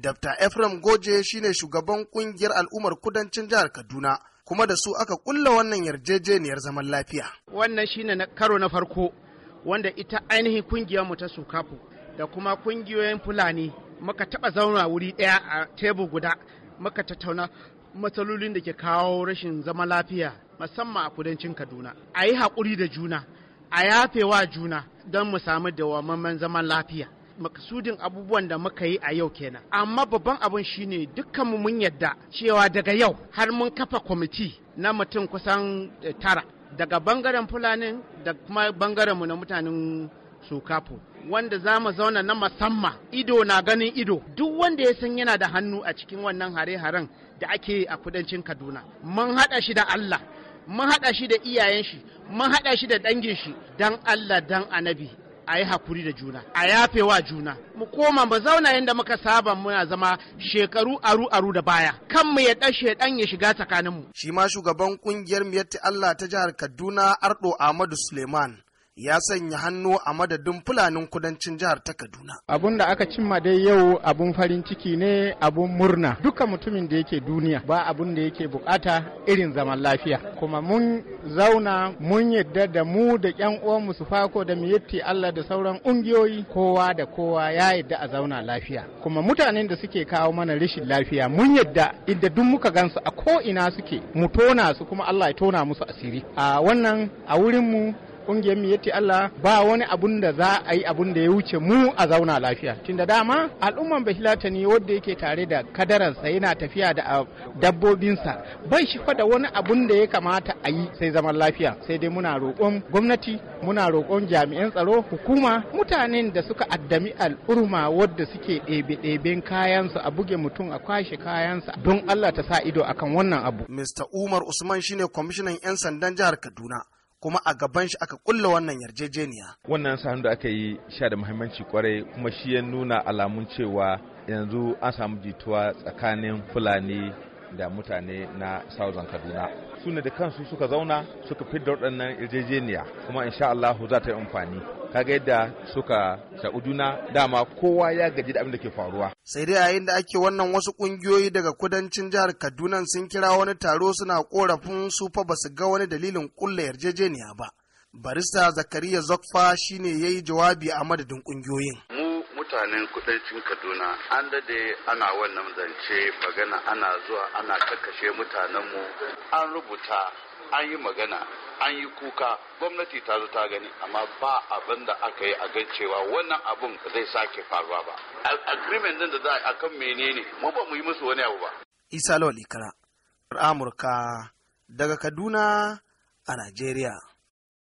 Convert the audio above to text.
Dr. Ephraim Goje shine shugaban kungiyar al'ummar kudancin jihar Kaduna kuma da su aka kulla wannan yarjejeniyar zaman lafiya. Wannan shine na karo na farko wanda ita ainihin kungiyar mu ta Sukafu da kuma kungiyoyin Fulani muka taba zauna wuri ɗaya a tebur guda muka tattauna matsalolin da ke kawo rashin zaman lafiya musamman a kudancin Kaduna. A yi haƙuri da juna, a yafe wa juna don mu samu dawamamman zaman lafiya. maksudin abubuwan da muka yi a yau kenan amma babban abin shine dukkanmu mun yadda cewa daga yau har mun kafa kwamiti na mutum kusan eh, tara daga bangaren fulani da kuma bangarenmu na mutanen sokapo wanda za mu zauna na musamman ido na ganin ido duk wanda ya san yana da hannu a cikin wannan hare-haren da ake a kudancin kaduna mun haɗa shi da allah mun haɗa shi da iyayen shi mun haɗa shi da dangin shi dan allah dan anabi a yi hakuri da juna a yafe wa juna mu koma ba zauna yadda muka saba muna zama shekaru aru aru da baya kan mu ya dashe dan ya shiga tsakaninmu shi ma shugaban kungiyar miyatti Allah ta jihar Kaduna Ardo Ahmadu Suleiman ya sanya hannu a madadin fulanin kudancin jihar ta kaduna abun da aka cimma dai yau abun farin ciki ne abun murna duka mutumin da yake duniya ba abun da yake bukata irin zaman lafiya kuma mun zauna mun yadda da mu da yan uwanmu su fako da miyatti allah da sauran ungiyoyi kowa da kowa ya yadda a zauna lafiya kuma mutanen da suke kawo mana rashin lafiya mun yadda inda duk muka gansu a ko ina suke mu tona su kuma allah ya tona musu asiri a wannan a wurinmu kungiyar mu yace Allah ba wani abun da za a yi abun da ya wuce mu a zauna lafiya Tun da dama al'umman bahilatani wanda yake tare da kadararsa yana tafiya da ah, dabbobinsa bai shi fa da wani abun da ya kamata a yi sai zaman lafiya sai dai muna roƙon gwamnati muna roƙon jami'an tsaro hukuma mutanen da suka addami al'umma wadda suke ɗebe-ɗeben kayansu a buge mutum a kwashe kayansa don Allah ta sa ido akan wannan abu. Mr. Umar Usman shine kwamishinan 'yan sandan jihar Kaduna. kuma a gaban shi aka kulla wannan yarjejeniya. Wannan sanu da aka yi sha da muhimmanci kwarai kuma shi ya nuna alamun cewa yanzu an samu jituwa tsakanin Fulani da mutane na Southern Kaduna. Su da kansu suka zauna suka fidda waɗannan yarjejeniya kuma insha Allah za ta yi amfani. kaga yadda suka sa'uduna dama kowa ya gaji da abin da ke faruwa sai dai yayin da ake wannan wasu kungiyoyi daga kudancin jihar kaduna sun kira wani taro suna korafin su fa su ga wani dalilin kulla yarjejeniya ba barista zakariya zokfa shine yi jawabi a madadin kungiyoyin mu mutanen kudancin kaduna an dade ana wannan zance magana ana zuwa ana kakashe mutanenmu an rubuta an yi magana an yi kuka gwamnati ta zo ta gani amma ba abin da aka yi a gan cewa wannan abun zai sake faruwa ba agreement din da za a kan menene mu ba mu yi musu wani abu ba isa lawal ikra amurka daga kaduna a najeriya